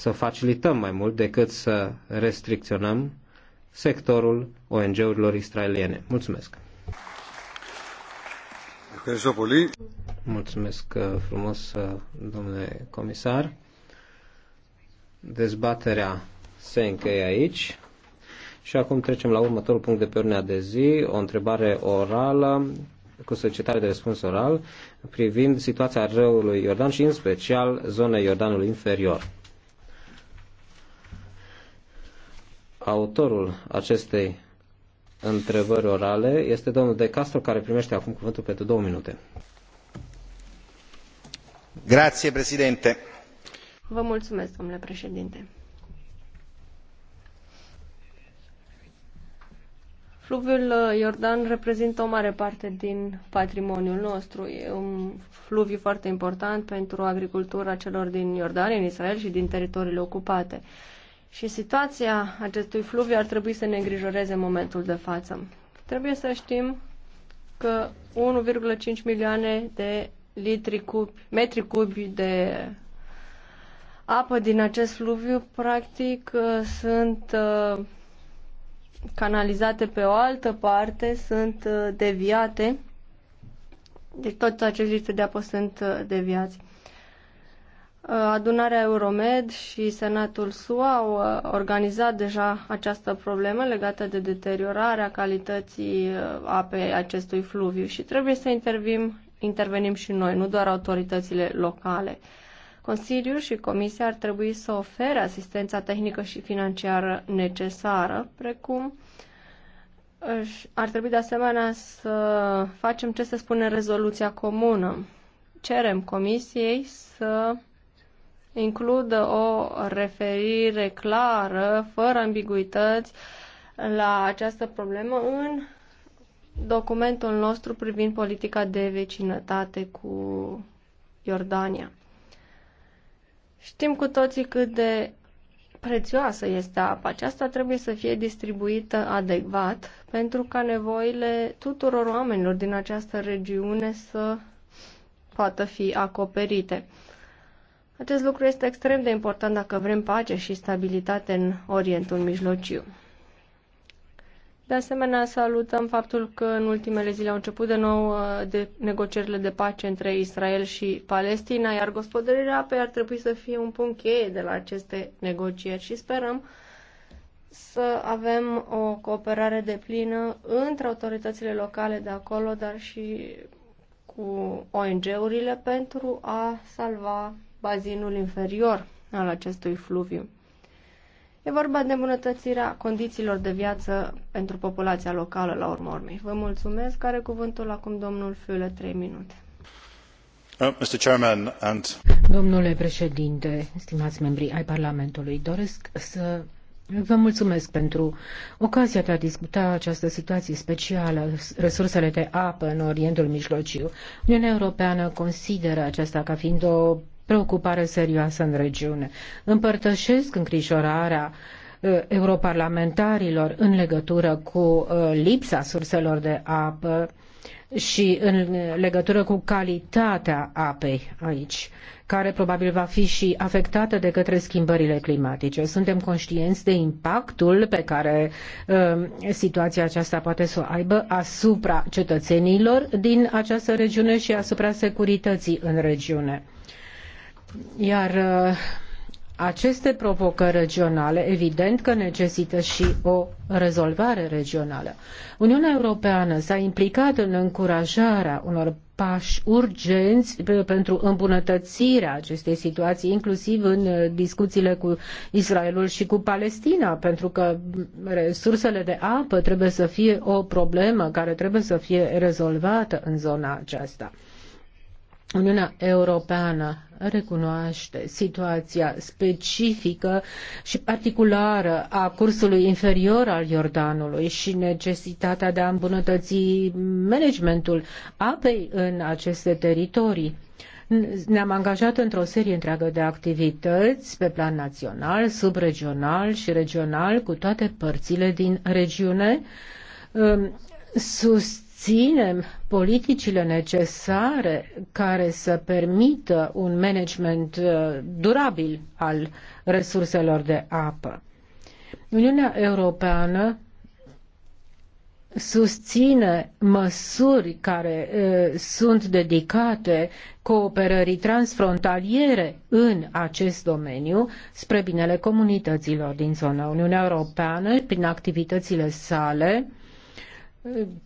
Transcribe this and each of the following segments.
să facilităm mai mult decât să restricționăm sectorul ONG-urilor israeliene. Mulțumesc! Mulțumesc uh, frumos, uh, domnule comisar. Dezbaterea se încheie aici. Și acum trecem la următorul punct de pe ordinea de zi, o întrebare orală cu solicitare de răspuns oral privind situația râului Iordan și în special zona Iordanului inferior. Autorul acestei întrebări orale este domnul De Castro, care primește acum cuvântul pentru două minute. Grație, președinte. Vă mulțumesc, domnule președinte. Fluviul uh, Iordan reprezintă o mare parte din patrimoniul nostru. E un fluviu foarte important pentru agricultura celor din Iordan, în Israel și din teritoriile ocupate. Și situația acestui fluviu ar trebui să ne îngrijoreze în momentul de față. Trebuie să știm că 1,5 milioane de litri cubi, metri cubi de apă din acest fluviu practic uh, sunt uh, canalizate pe o altă parte, sunt uh, deviate. Deci toți acești litri de apă sunt deviați. Adunarea Euromed și Senatul SUA au uh, organizat deja această problemă legată de deteriorarea calității uh, apei acestui fluviu și trebuie să intervim, intervenim și noi, nu doar autoritățile locale. Consiliul și Comisia ar trebui să ofere asistența tehnică și financiară necesară, precum uh, ar trebui de asemenea să facem ce se spune în rezoluția comună. Cerem Comisiei să includă o referire clară, fără ambiguități, la această problemă în documentul nostru privind politica de vecinătate cu Iordania. Știm cu toții cât de prețioasă este apa. Aceasta trebuie să fie distribuită adecvat pentru ca nevoile tuturor oamenilor din această regiune să poată fi acoperite. Acest lucru este extrem de important dacă vrem pace și stabilitate în Orientul Mijlociu. De asemenea, salutăm faptul că în ultimele zile au început de nou uh, de negocierile de pace între Israel și Palestina, iar gospodărirea apei ar trebui să fie un punct cheie de la aceste negocieri și sperăm să avem o cooperare de plină între autoritățile locale de acolo, dar și cu ONG-urile pentru a salva bazinul inferior al acestui fluviu. E vorba de îmbunătățirea condițiilor de viață pentru populația locală la urmă urmei. Vă mulțumesc. Care cuvântul acum domnul Fiule, 3 minute. Uh, Mr. Chairman, and... Domnule președinte, stimați membri ai Parlamentului, doresc să Vă mulțumesc pentru ocazia de a discuta această situație specială, resursele de apă în Orientul Mijlociu. Uniunea Europeană consideră aceasta ca fiind o preocupare serioasă în regiune. Împărtășesc îngrijorarea uh, europarlamentarilor în legătură cu uh, lipsa surselor de apă și în uh, legătură cu calitatea apei aici, care probabil va fi și afectată de către schimbările climatice. Suntem conștienți de impactul pe care uh, situația aceasta poate să o aibă asupra cetățenilor din această regiune și asupra securității în regiune. Iar uh, aceste provocări regionale, evident că necesită și o rezolvare regională. Uniunea Europeană s-a implicat în încurajarea unor pași urgenți pentru îmbunătățirea acestei situații, inclusiv în uh, discuțiile cu Israelul și cu Palestina, pentru că mm, resursele de apă trebuie să fie o problemă care trebuie să fie rezolvată în zona aceasta. Uniunea Europeană recunoaște situația specifică și particulară a cursului inferior al Iordanului și necesitatea de a îmbunătăți managementul apei în aceste teritorii. Ne-am angajat într-o serie întreagă de activități pe plan național, subregional și regional cu toate părțile din regiune. Sus susținem politicile necesare care să permită un management uh, durabil al resurselor de apă. Uniunea Europeană susține măsuri care uh, sunt dedicate cooperării transfrontaliere în acest domeniu spre binele comunităților din zona Uniunea Europeană prin activitățile sale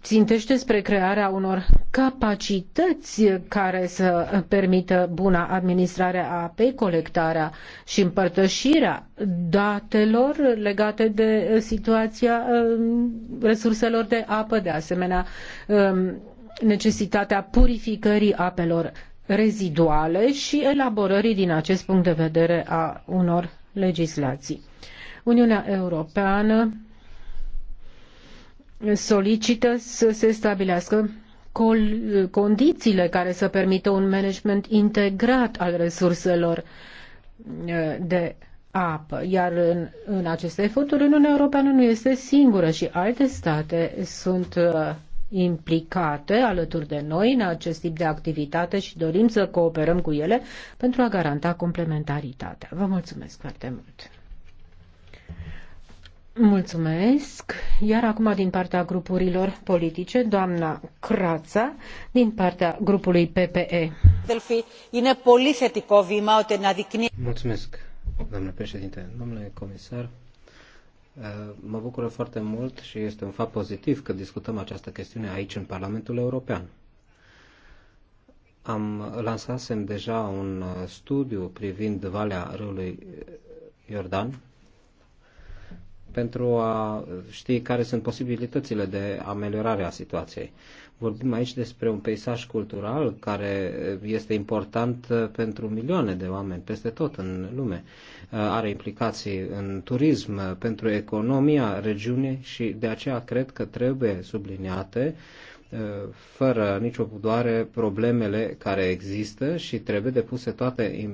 țintește spre crearea unor capacități care să permită buna administrare a apei, colectarea și împărtășirea datelor legate de situația um, resurselor de apă, de asemenea um, necesitatea purificării apelor reziduale și elaborării din acest punct de vedere a unor legislații. Uniunea Europeană solicită să se stabilească condițiile care să permită un management integrat al resurselor uh, de apă. Iar în, în aceste eforturi, Uniunea Europeană nu este singură și alte state sunt uh, implicate alături de noi în acest tip de activitate și dorim să cooperăm cu ele pentru a garanta complementaritatea. Vă mulțumesc foarte mult! Mulțumesc. Iar acum din partea grupurilor politice, doamna Crața, din partea grupului PPE. Mulțumesc, doamnă președinte. Domnule comisar, eh, mă bucură foarte mult și este un fapt pozitiv că discutăm această chestiune aici, în Parlamentul European. Am lansat deja un eh, studiu privind valea râului eh, Iordan, pentru a ști care sunt posibilitățile de ameliorare a situației. Vorbim aici despre un peisaj cultural care este important uh, pentru milioane de oameni peste tot în lume. Uh, are implicații în turism, uh, pentru economia regiunii și de aceea cred că trebuie subliniate fără nicio pudoare problemele care există și trebuie depuse toate,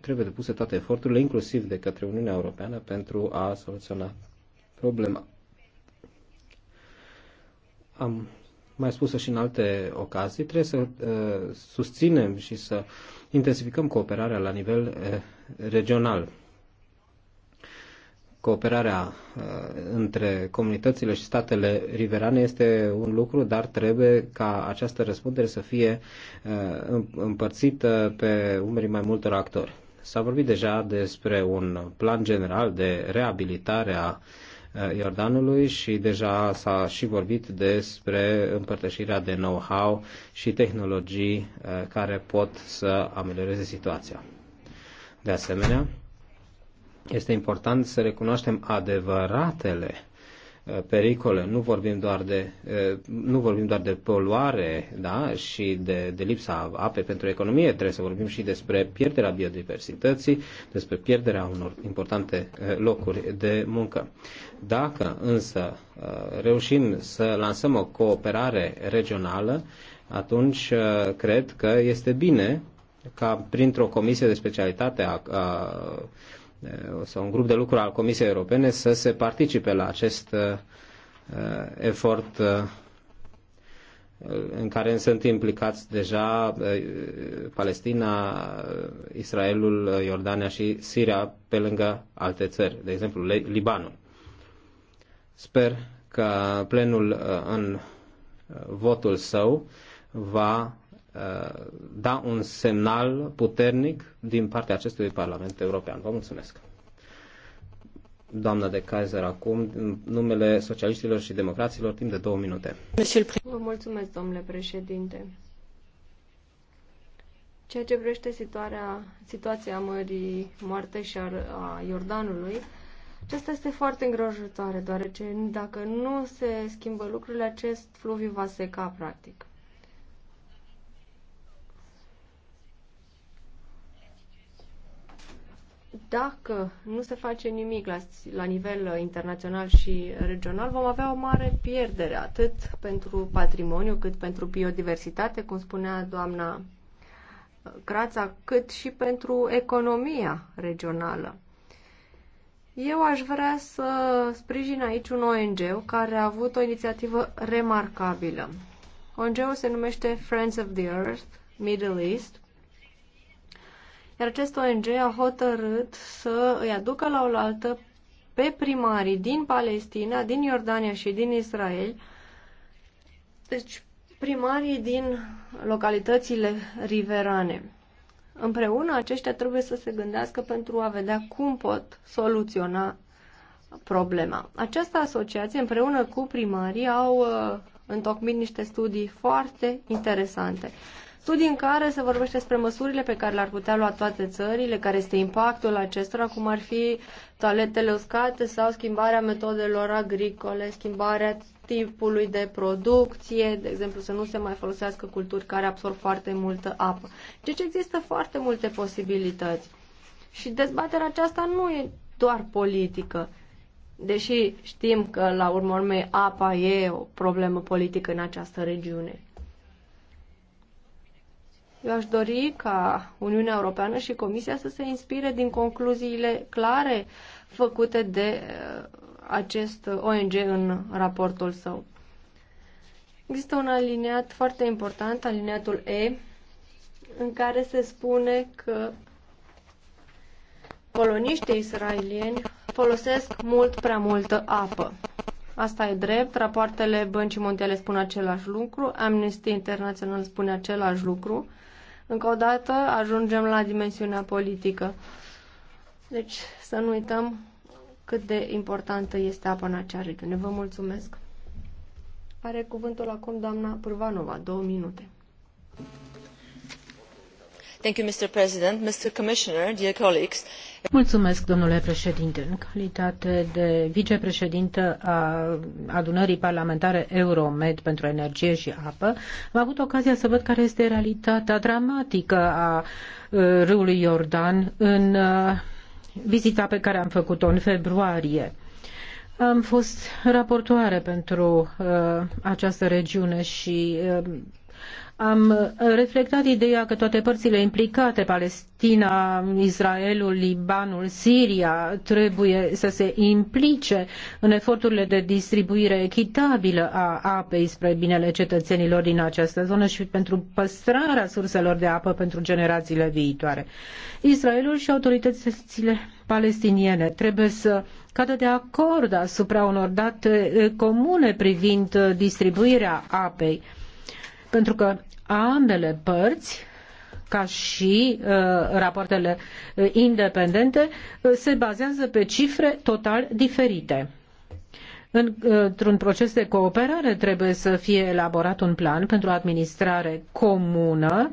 trebuie depuse toate eforturile, inclusiv de către Uniunea Europeană, pentru a soluționa problema. Am mai spus și în alte ocazii, trebuie să uh, susținem și să intensificăm cooperarea la nivel uh, regional. Cooperarea uh, între comunitățile și statele riverane este un lucru, dar trebuie ca această răspundere să fie uh, împărțită pe umerii mai multor actori. S-a vorbit deja despre un plan general de reabilitare a uh, Iordanului și deja s-a și vorbit despre împărtășirea de know-how și tehnologii uh, care pot să amelioreze situația. De asemenea, este important să recunoaștem adevăratele Uh, pericole. Nu vorbim doar de, uh, nu vorbim doar de poluare da? și de, de lipsa apei pentru economie, trebuie să vorbim și despre pierderea biodiversității, despre pierderea unor importante uh, locuri de muncă. Dacă însă reușim să lansăm o cooperare regională, atunci cred că este bine ca printr-o comisie de specialitate a, a Eh, sau un grup de lucru al Comisiei Europene să se participe la acest eh, eh, efort în care sunt implicați deja Palestina, Israelul, Iordania și Siria, pe lângă alte țări, de exemplu Libanul. Sper că plenul în votul său va da un semnal puternic din partea acestui Parlament European. Vă mulțumesc. Doamna de Kaiser, acum, în numele socialiștilor și democraților, timp de două minute. Vă mulțumesc, domnule președinte. Ceea ce privește situația, situația Mării Moarte și a, a Iordanului, aceasta este foarte îngrojitoare, deoarece dacă nu se schimbă lucrurile, acest fluviu va seca, practic. dacă nu se face nimic la, la nivel internațional și regional, vom avea o mare pierdere, atât pentru patrimoniu, cât pentru biodiversitate, cum spunea doamna uh, Crața, cât și pentru economia regională. Eu aș vrea să sprijin aici un ONG care a avut o inițiativă remarcabilă. ONG-ul se numește Friends of the Earth, Middle East iar acest ONG a hotărât să îi aducă la oaltă pe primarii din Palestina, din Iordania și din Israel. Deci primarii din localitățile riverane. Împreună aceștia trebuie să se gândească pentru a vedea cum pot soluționa problema. Această asociație împreună cu primarii au uh, întocmit niște studii foarte interesante studii în care se vorbește despre măsurile pe care le-ar putea lua toate țările, care este impactul acestora, cum ar fi toaletele uscate sau schimbarea metodelor agricole, schimbarea tipului de producție, de exemplu să nu se mai folosească culturi care absorb foarte multă apă. Deci există foarte multe posibilități. Și dezbaterea aceasta nu e doar politică. Deși știm că, la urmă urmei, apa e o problemă politică în această regiune. Eu aș dori ca Uniunea Europeană și Comisia să se inspire din concluziile clare făcute de uh, acest ONG în raportul său. Există un aliniat foarte important, aliniatul E, în care se spune că coloniștii israelieni folosesc mult prea multă apă. Asta e drept, rapoartele Băncii Mondiale spun același lucru, Amnesty International spune același lucru. Încă o dată ajungem la dimensiunea politică. Deci să nu uităm cât de importantă este apa în acea regiune. Vă mulțumesc. Are cuvântul acum doamna Purvanova, două minute. Mulțumesc, domnule președinte. În calitate de vicepreședintă a adunării parlamentare Euromed pentru energie și apă, am avut ocazia să văd care este realitatea dramatică a uh, râului Iordan în uh, vizita pe care am făcut-o în februarie. Am fost raportoare pentru uh, această regiune și am uh, reflectat ideea că toate părțile implicate, Palestina, Israelul, Libanul, Siria, trebuie să se implice în eforturile de distribuire echitabilă a apei spre binele cetățenilor din această zonă și pentru păstrarea surselor de apă pentru generațiile viitoare. Israelul și autoritățile palestiniene trebuie să cadă de acord asupra unor date eh, comune privind eh, distribuirea apei pentru că ambele părți ca și uh, rapoartele uh, independente, uh, se bazează pe cifre total diferite. Într-un proces de cooperare trebuie să fie elaborat un plan pentru administrare comună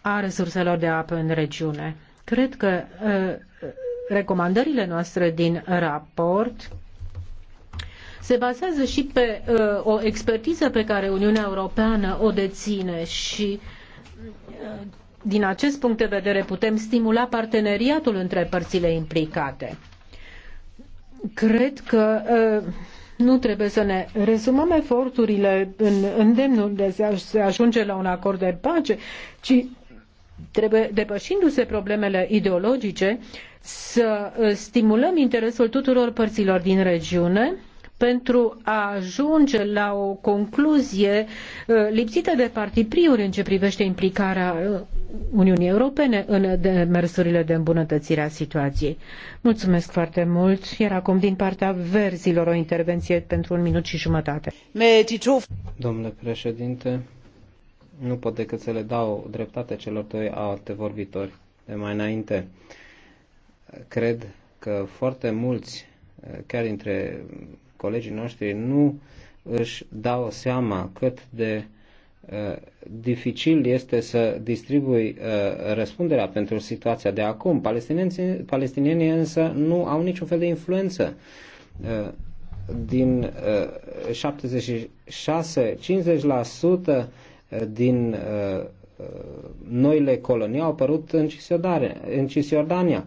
a resurselor de apă în regiune. Cred că uh, recomandările noastre din raport se bazează și pe uh, o expertiză pe care Uniunea Europeană o deține și uh, din acest punct de vedere putem stimula parteneriatul între părțile implicate. Cred că uh, nu trebuie să ne rezumăm eforturile în îndemnul de a se ajunge la un acord de pace, ci trebuie, depășindu-se problemele ideologice, să uh, stimulăm interesul tuturor părților din regiune pentru a ajunge la o concluzie uh, lipsită de partipriuri în ce privește implicarea uh, Uniunii Europene în demersurile de îmbunătățire a situației. Mulțumesc foarte mult, iar acum din partea verzilor o intervenție pentru un minut și jumătate. Domnule președinte, nu pot decât să le dau dreptate celor doi vorbitori de mai înainte. Cred că foarte mulți, chiar dintre colegii noștri nu își dau seama cât de uh, dificil este să distribui uh, răspunderea pentru situația de acum. Palestinienii, palestinienii însă nu au niciun fel de influență. Uh, din 76, uh, 50% din uh, uh, noile colonii au apărut în Cisjordania. În Cisjordania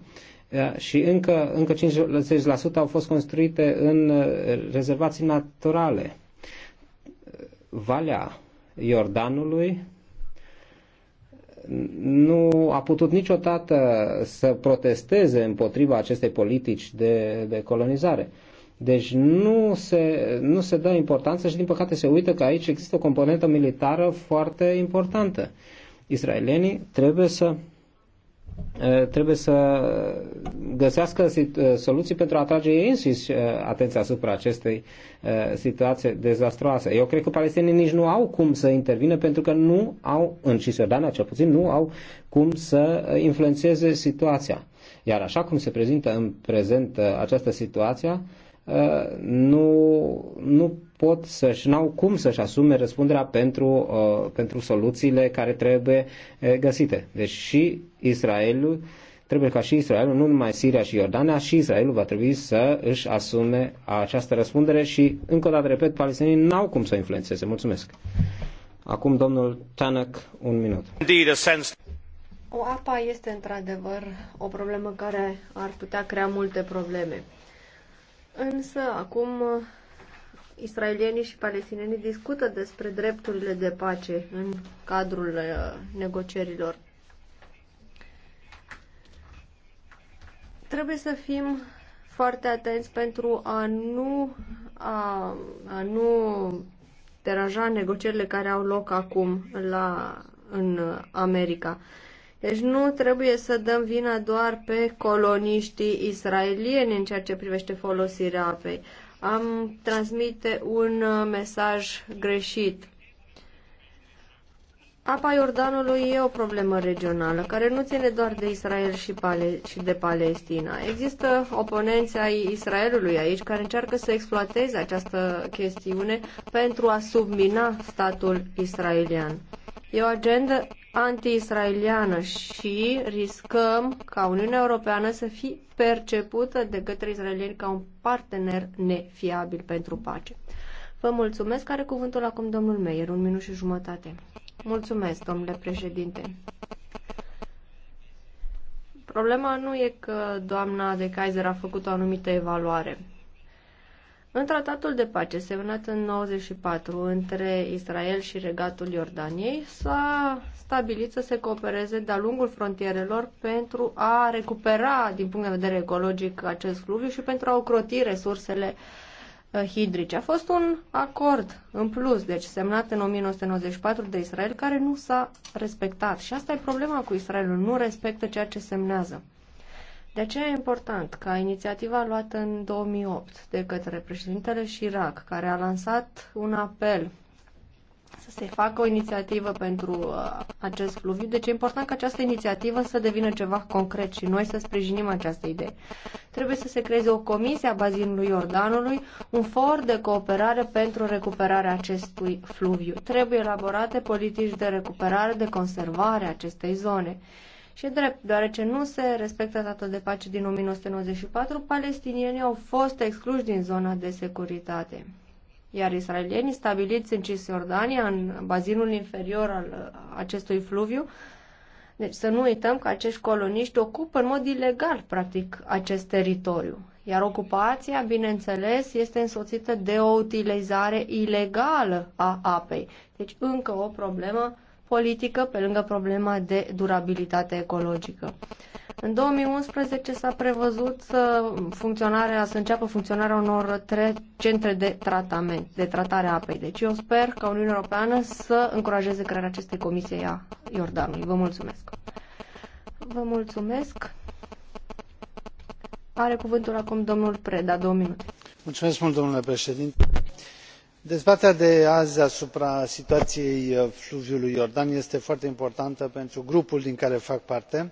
și încă, încă 50% au fost construite în uh, rezervații naturale. Valea Iordanului nu a putut niciodată să protesteze împotriva acestei politici de, de colonizare. Deci nu se, nu se dă importanță și din păcate se uită că aici există o componentă militară foarte importantă. Israelienii trebuie să trebuie să găsească soluții pentru a atrage ei înșiși atenția asupra acestei situații dezastroase. Eu cred că palestinienii nici nu au cum să intervină pentru că nu au, în Cisjordania cel puțin, nu au cum să influențeze situația. Iar așa cum se prezintă în prezent această situație, nu, nu pot să-și, n-au cum să-și asume răspunderea pentru, uh, pentru soluțiile care trebuie uh, găsite. Deci și Israelul, trebuie ca și Israelul, nu numai Siria și Iordania, și Israelul va trebui să își asume această răspundere și, încă o dată, repet, palestinienii n-au cum să influențeze. Mulțumesc. Acum, domnul Tanak, un minut. O apa este într-adevăr o problemă care ar putea crea multe probleme. Însă, acum israelienii și palestinienii discută despre drepturile de pace în cadrul uh, negocierilor. Trebuie să fim foarte atenți pentru a nu, a, a nu deranja negocierile care au loc acum la, în America. Deci nu trebuie să dăm vina doar pe coloniștii israelieni în ceea ce privește folosirea apei am transmite un uh, mesaj greșit. Apa Iordanului e o problemă regională, care nu ține doar de Israel și, Pale- și de Palestina. Există oponenți ai Israelului aici care încearcă să exploateze această chestiune pentru a submina statul israelian. E o agendă anti-israeliană și riscăm ca Uniunea Europeană să fie percepută de către israelieni ca un partener nefiabil pentru pace. Vă mulțumesc. Are cuvântul acum domnul Meyer. Un minut și jumătate. Mulțumesc, domnule președinte. Problema nu e că doamna de Kaiser a făcut o anumită evaluare. În tratatul de pace semnat în 94 între Israel și regatul Iordaniei s-a stabilit să se coopereze de-a lungul frontierelor pentru a recupera din punct de vedere ecologic acest fluviu și pentru a ocroti resursele uh, Uh, hidrice. A fost un acord în plus, deci semnat în 1994 de Israel, care nu s-a respectat. Și asta e problema cu Israelul, nu respectă ceea ce semnează. De aceea e important ca inițiativa luată în 2008 de către președintele Chirac, care a lansat un apel să se facă o inițiativă pentru uh, acest fluviu, deci e important ca această inițiativă să devină ceva concret și noi să sprijinim această idee. Trebuie să se creeze o comisie a bazinului Iordanului, un for de cooperare pentru recuperarea acestui fluviu. Trebuie elaborate politici de recuperare, de conservare a acestei zone. Și drept, deoarece nu se respectă tratatul de pace din 1994, palestinienii au fost excluși din zona de securitate iar israelienii stabiliți în Cisjordania, în bazinul inferior al acestui fluviu, deci să nu uităm că acești coloniști ocupă în mod ilegal, practic, acest teritoriu. Iar ocupația, bineînțeles, este însoțită de o utilizare ilegală a apei. Deci încă o problemă politică pe lângă problema de durabilitate ecologică. În 2011 s-a prevăzut să, funcționarea, să înceapă funcționarea unor trei centre de tratament, de tratare a apei. Deci eu sper ca Uniunea Europeană să încurajeze crearea acestei comisii a Iordanului. Vă mulțumesc! Vă mulțumesc! Are cuvântul acum domnul Preda, două minute. Mulțumesc mult, domnule președinte. Dezbaterea de azi asupra situației fluviului Iordan este foarte importantă pentru grupul din care fac parte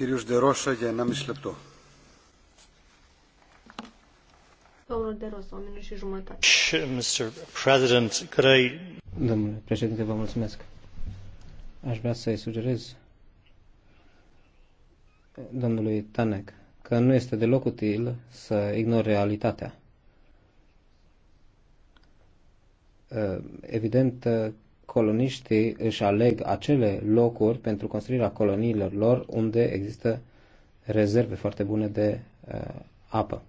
Κύριος Ντερόσα για Domnul De Rosa, un minut și jumătate. Mr. Domnule președinte, vă mulțumesc. Aș vrea să-i sugerez eh, domnului Tanec că nu este deloc util să ignore realitatea. Eh, evident, eh, coloniștii își aleg acele locuri pentru construirea coloniilor lor unde există rezerve foarte bune de uh, apă.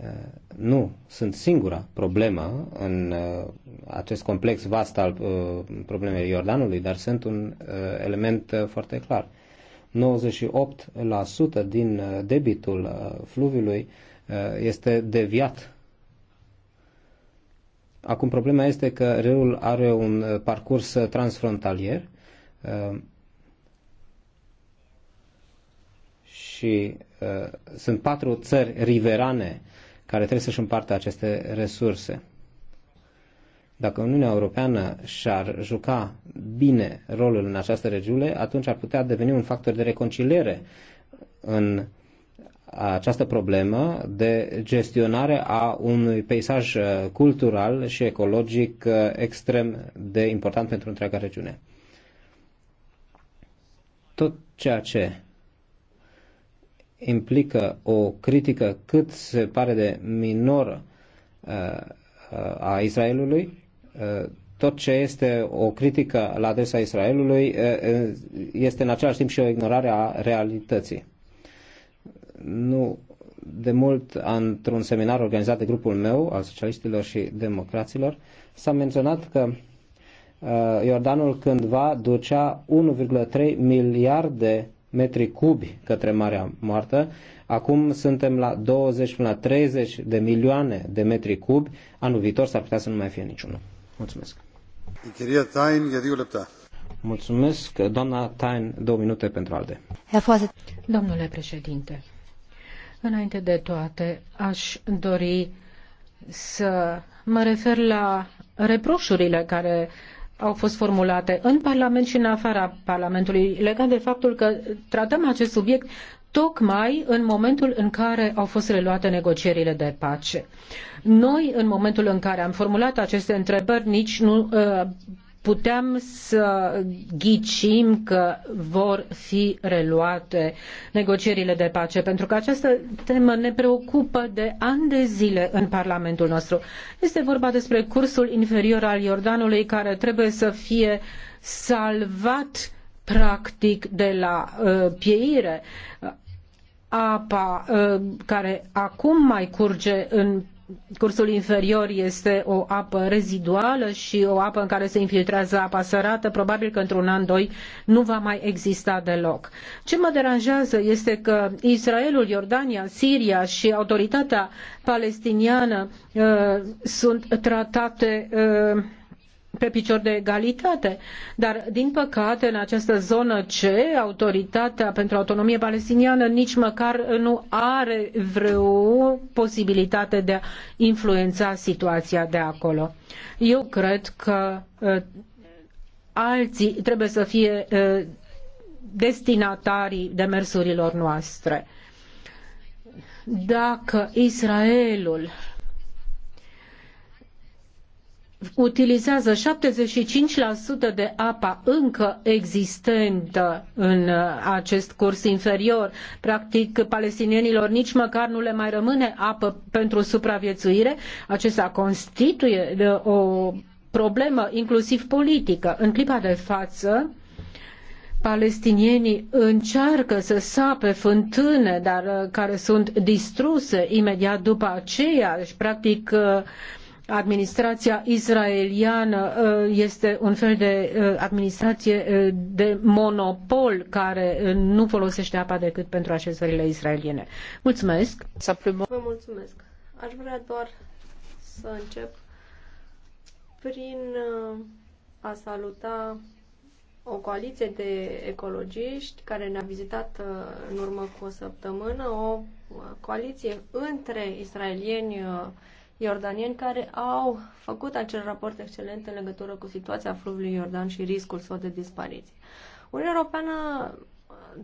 Uh, nu sunt singura problemă în uh, acest complex vast al uh, problemei Iordanului, dar sunt un uh, element uh, foarte clar. 98% din uh, debitul uh, fluviului uh, este deviat Acum problema este că râul are un uh, parcurs uh, transfrontalier uh, și sunt patru țări riverane care trebuie să-și împartă aceste resurse. Dacă Uniunea Europeană și-ar juca bine rolul în această regiune, atunci ar putea deveni un factor de reconciliere în această problemă de gestionare a unui peisaj uh, cultural și ecologic uh, extrem de important pentru întreaga regiune. Tot ceea ce implică o critică cât se pare de minoră uh, a Israelului, tot ce este o critică la adresa Israelului este în același timp și o ignorare a realității nu de mult, într-un seminar organizat de grupul meu, al socialiștilor și democraților, s-a menționat că uh, Iordanul cândva ducea 1,3 miliarde metri cubi către Marea Moartă. Acum suntem la 20 până la 30 de milioane de metri cubi. Anul viitor s-ar putea să nu mai fie niciunul. Mulțumesc. Mulțumesc. Doamna Tain, două minute pentru alde. Domnule președinte, Înainte de toate, aș dori să mă refer la reproșurile care au fost formulate în Parlament și în afara Parlamentului legat de faptul că tratăm acest subiect tocmai în momentul în care au fost reluate negocierile de pace. Noi, în momentul în care am formulat aceste întrebări, nici nu uh, puteam să ghicim că vor fi reluate negocierile de pace, pentru că această temă ne preocupă de ani de zile în Parlamentul nostru. Este vorba despre cursul inferior al Iordanului care trebuie să fie salvat practic de la uh, pieire apa uh, care acum mai curge în cursul inferior este o apă reziduală și o apă în care se infiltrează apa sărată, probabil că într-un an, doi, nu va mai exista deloc. Ce mă deranjează este că Israelul, Iordania, Siria și autoritatea palestiniană uh, sunt tratate uh, pe picior de egalitate. Dar, din păcate, în această zonă C, autoritatea pentru autonomie palestiniană nici măcar nu are vreo posibilitate de a influența situația de acolo. Eu cred că uh, alții trebuie să fie uh, destinatarii demersurilor noastre. Dacă Israelul utilizează 75% de apa încă existentă în uh, acest curs inferior. Practic, palestinienilor nici măcar nu le mai rămâne apă pentru supraviețuire. Acesta constituie uh, o problemă inclusiv politică. În clipa de față, palestinienii încearcă să sape fântâne, dar uh, care sunt distruse imediat după aceea. Deci, practic, administrația israeliană uh, este un fel de uh, administrație uh, de monopol care nu folosește apa decât pentru așezările israeliene. Mulțumesc! Vă mulțumesc! Aș vrea doar să încep prin a saluta o coaliție de ecologiști care ne-a vizitat în urmă cu o săptămână, o coaliție între israelieni iordanieni care au făcut acel raport excelent în legătură cu situația fluviului Iordan și riscul său de dispariție. Uniunea Europeană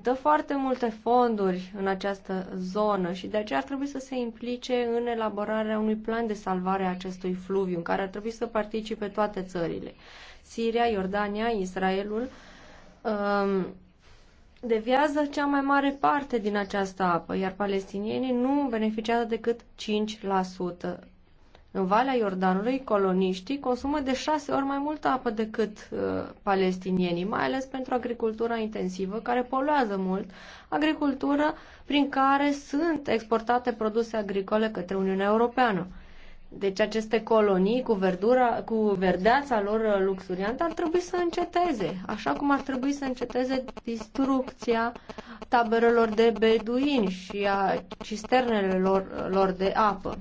dă foarte multe fonduri în această zonă și de aceea ar trebui să se implice în elaborarea unui plan de salvare a acestui fluviu, în care ar trebui să participe toate țările. Siria, Iordania, Israelul um, deviază cea mai mare parte din această apă, iar palestinienii nu beneficiază decât 5% în Valea Iordanului, coloniștii consumă de șase ori mai multă apă decât uh, palestinienii, mai ales pentru agricultura intensivă, care poluează mult, agricultură prin care sunt exportate produse agricole către Uniunea Europeană. Deci aceste colonii cu, verdura, cu verdeața lor uh, luxuriantă ar trebui să înceteze, așa cum ar trebui să înceteze distrucția taberelor de beduini și a cisternelor uh, lor de apă.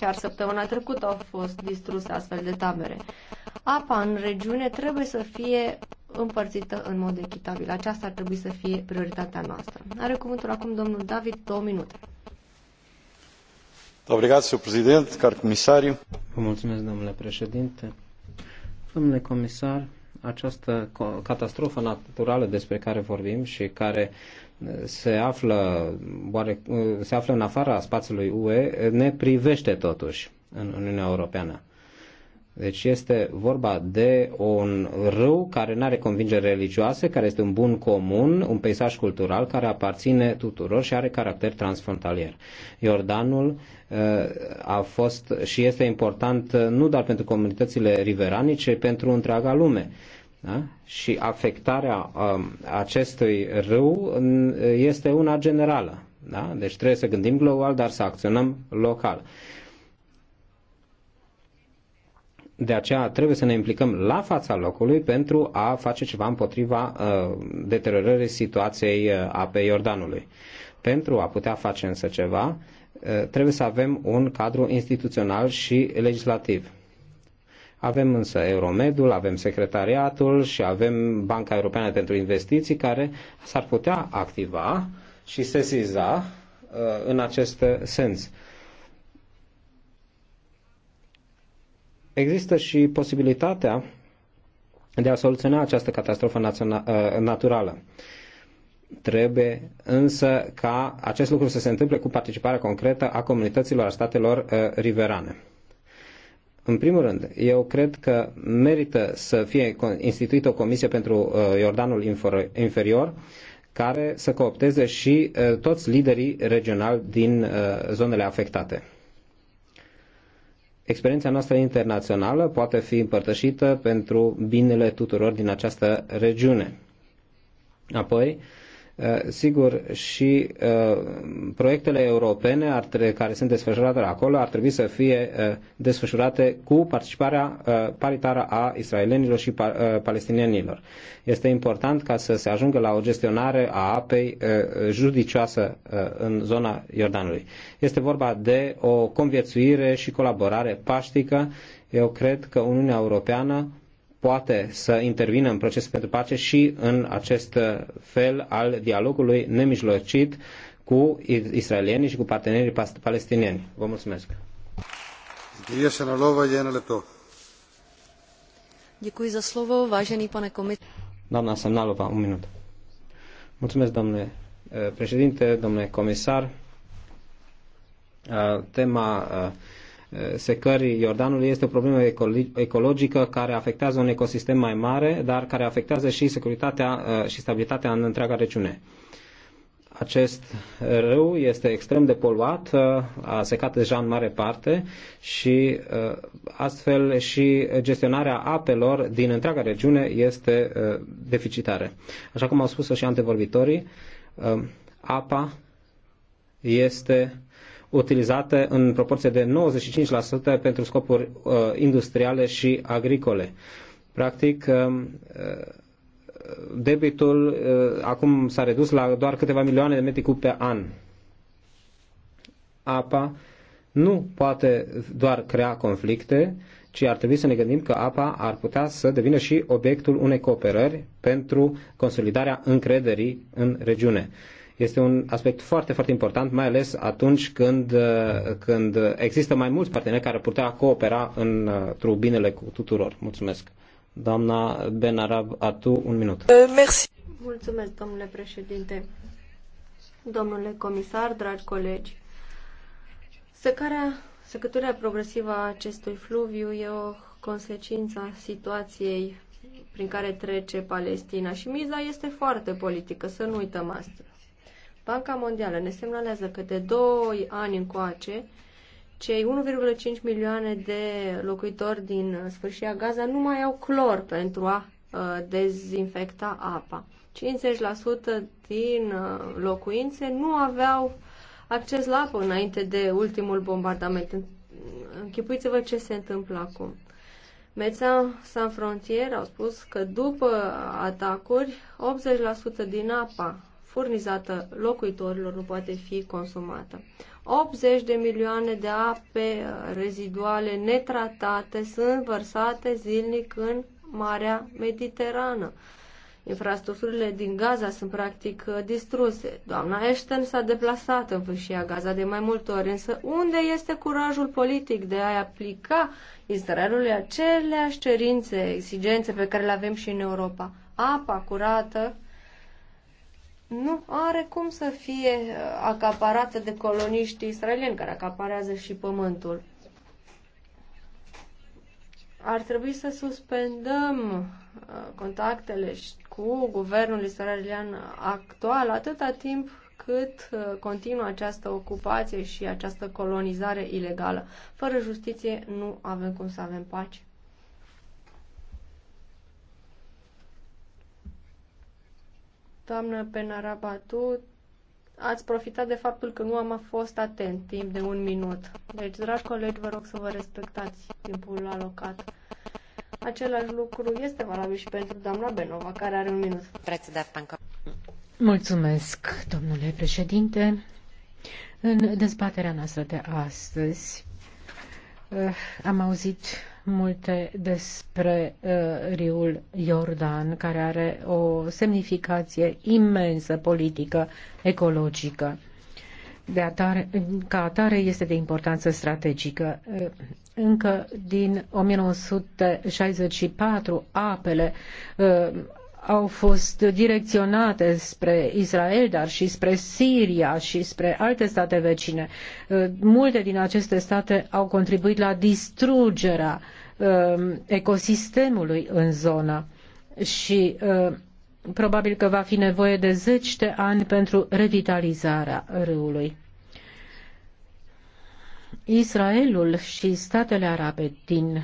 Chiar săptămâna trecută au fost distruse astfel de tabere. Apa în regiune trebuie să fie împărțită în mod echitabil. Aceasta ar trebui să fie prioritatea noastră. Are cuvântul acum domnul David, două minute. Obrigat, președinte, car comisariu. Vă mulțumesc, domnule președinte. Domnule comisar, această catastrofă naturală despre care vorbim și care se află, oare, se află în afara spațiului UE ne privește totuși în Uniunea Europeană. Deci este vorba de un râu care nu are convingeri religioase, care este un bun comun, un peisaj cultural care aparține tuturor și are caracter transfrontalier. Iordanul eh, a fost și este important eh, nu doar pentru comunitățile riveranice, ci pentru întreaga lume. Da? Și afectarea um, acestui râu este una generală. Da? Deci trebuie să gândim global, dar să acționăm local. De aceea trebuie să ne implicăm la fața locului pentru a face ceva împotriva uh, deteriorării situației uh, apei Iordanului. Pentru a putea face însă ceva, uh, trebuie să avem un cadru instituțional și legislativ. Avem însă Euromedul, avem Secretariatul și avem Banca Europeană pentru Investiții care s-ar putea activa și sesiza uh, în acest sens. Există și posibilitatea de a soluționa această catastrofă uh, naturală. Trebuie însă ca acest lucru să se întâmple cu participarea concretă a comunităților a statelor uh, riverane. În primul rând, eu cred că merită să fie instituită o comisie pentru uh, Iordanul inferior care să coopteze și uh, toți liderii regionali din uh, zonele afectate. Experiența noastră internațională poate fi împărtășită pentru binele tuturor din această regiune. Apoi, uh, Eh, sigur, și eh, proiectele europene ar care sunt desfășurate acolo ar trebui să fie eh, desfășurate cu participarea paritară a israelenilor și palestinienilor. Este important ca să se ajungă la o gestionare a apei judicioasă în zona Iordanului. Este vorba de o conviețuire și colaborare paștică. Eu cred că Uniunea Europeană poate să intervină în procesul pentru pace și în acest fel al dialogului nemijlocit cu israelienii și cu partenerii palestinieni. Vă mulțumesc. Děkuji za slovo, vážený pane komit. Doamna Semnalova, un minut. Mulțumesc, domnule eh, președinte, domnule comisar. Eh, tema eh, Eh, secării Iordanului este o problemă ecologică care afectează un ecosistem mai mare, dar care afectează și securitatea eh, și stabilitatea în întreaga regiune. Acest râu este extrem de poluat, eh, a secat deja în mare parte și astfel și gestionarea apelor din întreaga regiune este deficitare. Așa cum au spus și antevorbitorii, apa este utilizate în proporție de 95% pentru scopuri uh, industriale și agricole. Practic, uh, debitul uh, acum s-a redus la doar câteva milioane de metri cub pe an. Apa nu poate doar crea conflicte, ci ar trebui să ne gândim că apa ar putea să devină și obiectul unei cooperări pentru consolidarea încrederii în regiune. Uh, este un aspect foarte, foarte important, mai ales atunci când, uh, când există mai mulți parteneri care putea coopera în uh, un binele cu tuturor. Mulțumesc. Doamna Benarab Atu, un minut. Uh, merci. Mulțumesc, domnule președinte, domnule comisar, dragi colegi. Secarea, secătura progresivă a acestui fluviu e o consecință a situației prin care trece Palestina și miza este foarte politică, să nu uităm asta. Banca Mondială ne semnalează că de 2 ani încoace, cei 1,5 milioane de locuitori din sfârșia Gaza nu mai au clor pentru a uh, dezinfecta apa. 50% din uh, locuințe nu aveau acces la apă înainte de ultimul bombardament. Închipuiți-vă ce se întâmplă acum. Meța San Frontier au spus că după atacuri, 80% din apa furnizată locuitorilor nu poate fi consumată. 80 de milioane de ape uh, reziduale netratate sunt vărsate zilnic în Marea Mediterană. Infrastructurile din Gaza sunt practic uh, distruse. Doamna Ashton s-a deplasat în fâșia Gaza de mai multe ori, însă unde este curajul politic de a aplica Israelului aceleași cerințe, exigențe pe care le avem și în Europa? Apa curată, nu are cum să fie uh, acaparată de coloniștii israelieni care acaparează și pământul. Ar trebui să suspendăm uh, contactele cu guvernul israelian actual atâta timp cât uh, continuă această ocupație și această colonizare ilegală. Fără justiție nu avem cum să avem pace. Doamnă Penarabatu, ați profitat de faptul că nu am fost atent timp de un minut. Deci, dragi colegi, vă rog să vă respectați timpul alocat. Același lucru este valabil și pentru doamna Benova, care are un minut. Mulțumesc, domnule președinte. În dezbaterea noastră de astăzi eh, am auzit multe despre uh, riul Iordan, care are o semnificație imensă politică, ecologică. De atare, ca atare este de importanță strategică. Uh, încă din 1964 apele uh, au fost direcționate spre Israel, dar și spre Siria și spre alte state vecine. Uh, multe din aceste state au contribuit la distrugerea um, ecosistemului în zonă și uh, probabil că va fi nevoie de zeci de ani pentru revitalizarea râului. Israelul și statele arabe din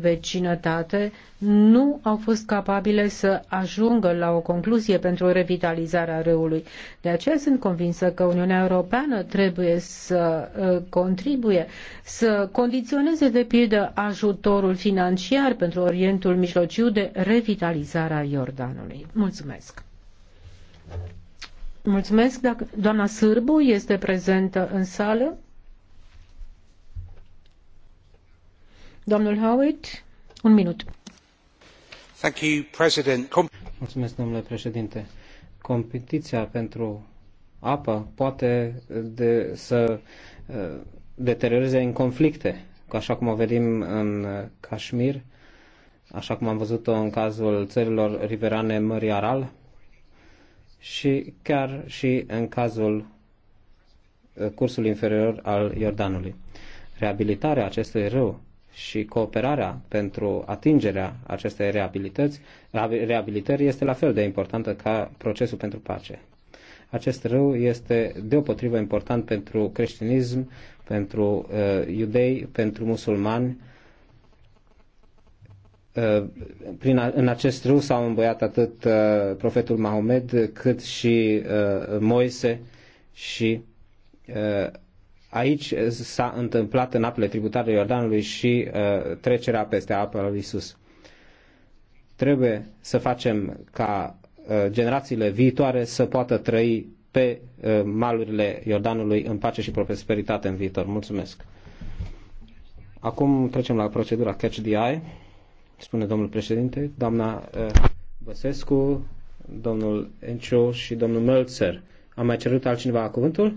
vecinătate nu au fost capabile să ajungă la o concluzie pentru revitalizarea râului. De aceea sunt convinsă că Uniunea Europeană trebuie să uh, contribuie, să condiționeze de pildă ajutorul financiar pentru Orientul Mijlociu de revitalizarea Iordanului. Mulțumesc! Mulțumesc dacă doamna Sârbu este prezentă în sală. domnule președinte. Competiția pentru apă poate să uh, deterioreze în conflicte, așa cum o vedem în Kashmir, așa cum am văzut-o în cazul țărilor riverane Mării Aral și chiar și în cazul uh, cursului inferior al Iordanului. Reabilitarea acestui râu și cooperarea pentru atingerea acestei reabilități, reabilitări este la fel de importantă ca procesul pentru pace. Acest rău este deopotrivă important pentru creștinism, pentru uh, iudei, pentru musulmani. Uh, prin a, în acest râu s-au îmbăiat atât uh, profetul Mahomed cât și uh, Moise și uh, Aici s-a întâmplat în apele tributare Iordanului și uh, trecerea peste apă lui Isus. Trebuie să facem ca uh, generațiile viitoare să poată trăi pe uh, malurile Iordanului în pace și prosperitate în viitor. Mulțumesc! Acum trecem la procedura Catch the Eye, spune domnul președinte, doamna uh, Băsescu, domnul Enciu și domnul Mălțăr. Am mai cerut altcineva cuvântul?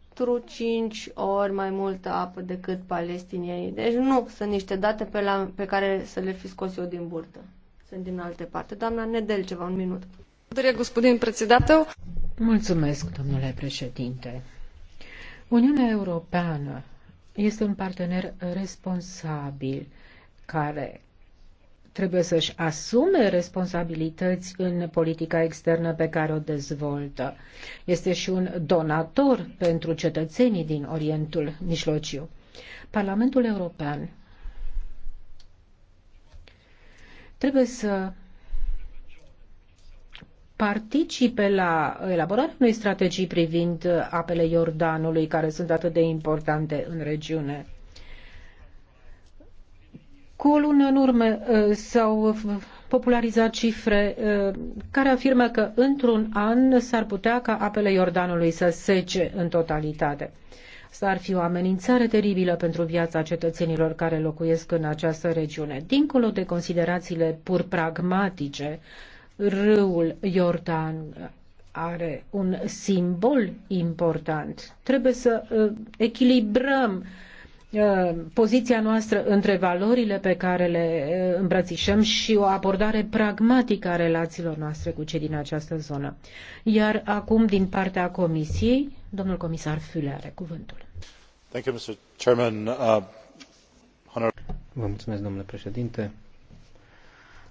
4-5 ori mai multă apă decât palestinienii. Deci nu sunt niște date pe, la, pe care să le fi scos eu din burtă. Sunt din alte parte. Doamna Nedel, ceva, un minut. Mulțumesc, domnule președinte. Uniunea Europeană este un partener responsabil care trebuie să-și asume responsabilități în politica externă pe care o dezvoltă. Este și un donator pentru cetățenii din Orientul Mijlociu. Parlamentul European trebuie să participe la elaborarea unei strategii privind apele Iordanului, care sunt atât de importante în regiune. Cu o lună în urmă uh, s-au popularizat cifre uh, care afirmă că într-un an s-ar putea ca apele Iordanului să sece în totalitate. Asta ar fi o amenințare teribilă pentru viața cetățenilor care locuiesc în această regiune. Dincolo de considerațiile pur pragmatice, râul Iordan are un simbol important. Trebuie să uh, echilibrăm uh, Uh, poziția noastră între valorile pe care le uh, îmbrățișăm și o abordare pragmatică a relațiilor noastre cu cei din această zonă. Iar acum, din partea Comisiei, domnul comisar Füle are cuvântul. Thank you, Mr. Chairman. Uh, honor... Vă mulțumesc, domnule președinte,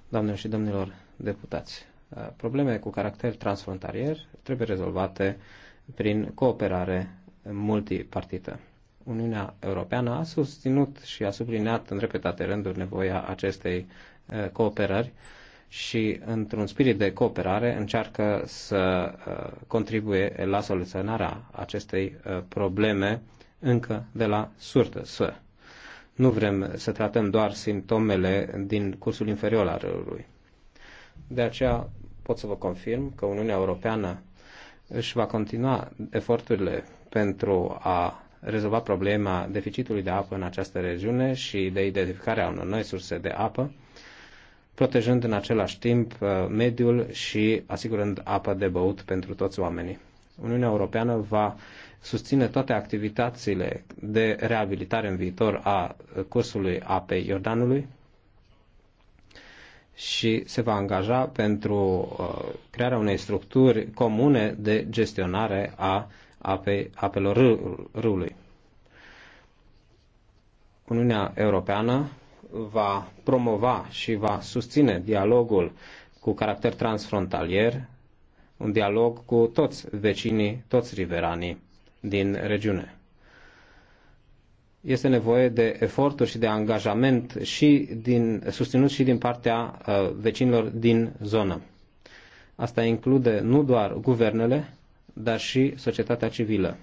doamnelor și domnilor deputați. Uh, Problemele cu caracter transfrontalier trebuie rezolvate prin cooperare multipartită Uniunea Europeană a susținut și a subliniat în repetate rânduri nevoia acestei uh, cooperări și, într-un spirit de cooperare, încearcă să uh, contribuie la soluționarea acestei uh, probleme încă de la surtă să. Nu vrem să tratăm doar simptomele din cursul inferior al râului. De aceea pot să vă confirm că Uniunea Europeană își va continua eforturile pentru a rezolva problema deficitului de apă în această regiune și de identificarea unor noi surse de apă, protejând în același timp uh, mediul și asigurând apă de băut pentru toți oamenii. Uniunea Europeană va susține toate activitățile de reabilitare în viitor a cursului apei Iordanului și se va angaja pentru uh, crearea unei structuri comune de gestionare a ape, apelor râului. Uniunea Europeană va promova și va susține dialogul cu caracter transfrontalier, un dialog cu toți vecinii, toți riveranii din regiune. Este nevoie de eforturi și de angajament și din, susținut și din partea uh, vecinilor din zonă. Asta include nu doar guvernele, dar și societatea civilă.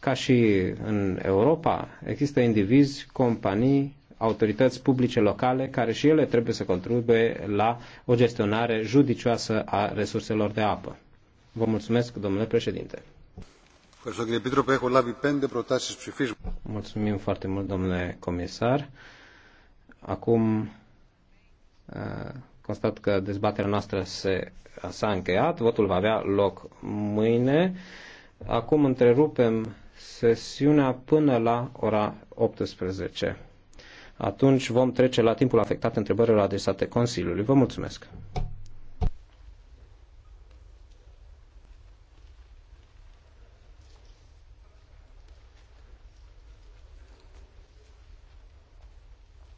Ca și în Europa, există indivizi, companii, autorități publice locale care și ele trebuie să contribuie la o gestionare judicioasă a resurselor de apă. Vă mulțumesc, domnule președinte. Mulțumim foarte mult, domnule comisar. Acum uh, Constat că dezbaterea noastră se, s-a încheiat. Votul va avea loc mâine. Acum întrerupem sesiunea până la ora 18. Atunci vom trece la timpul afectat întrebărilor adresate Consiliului. Vă mulțumesc!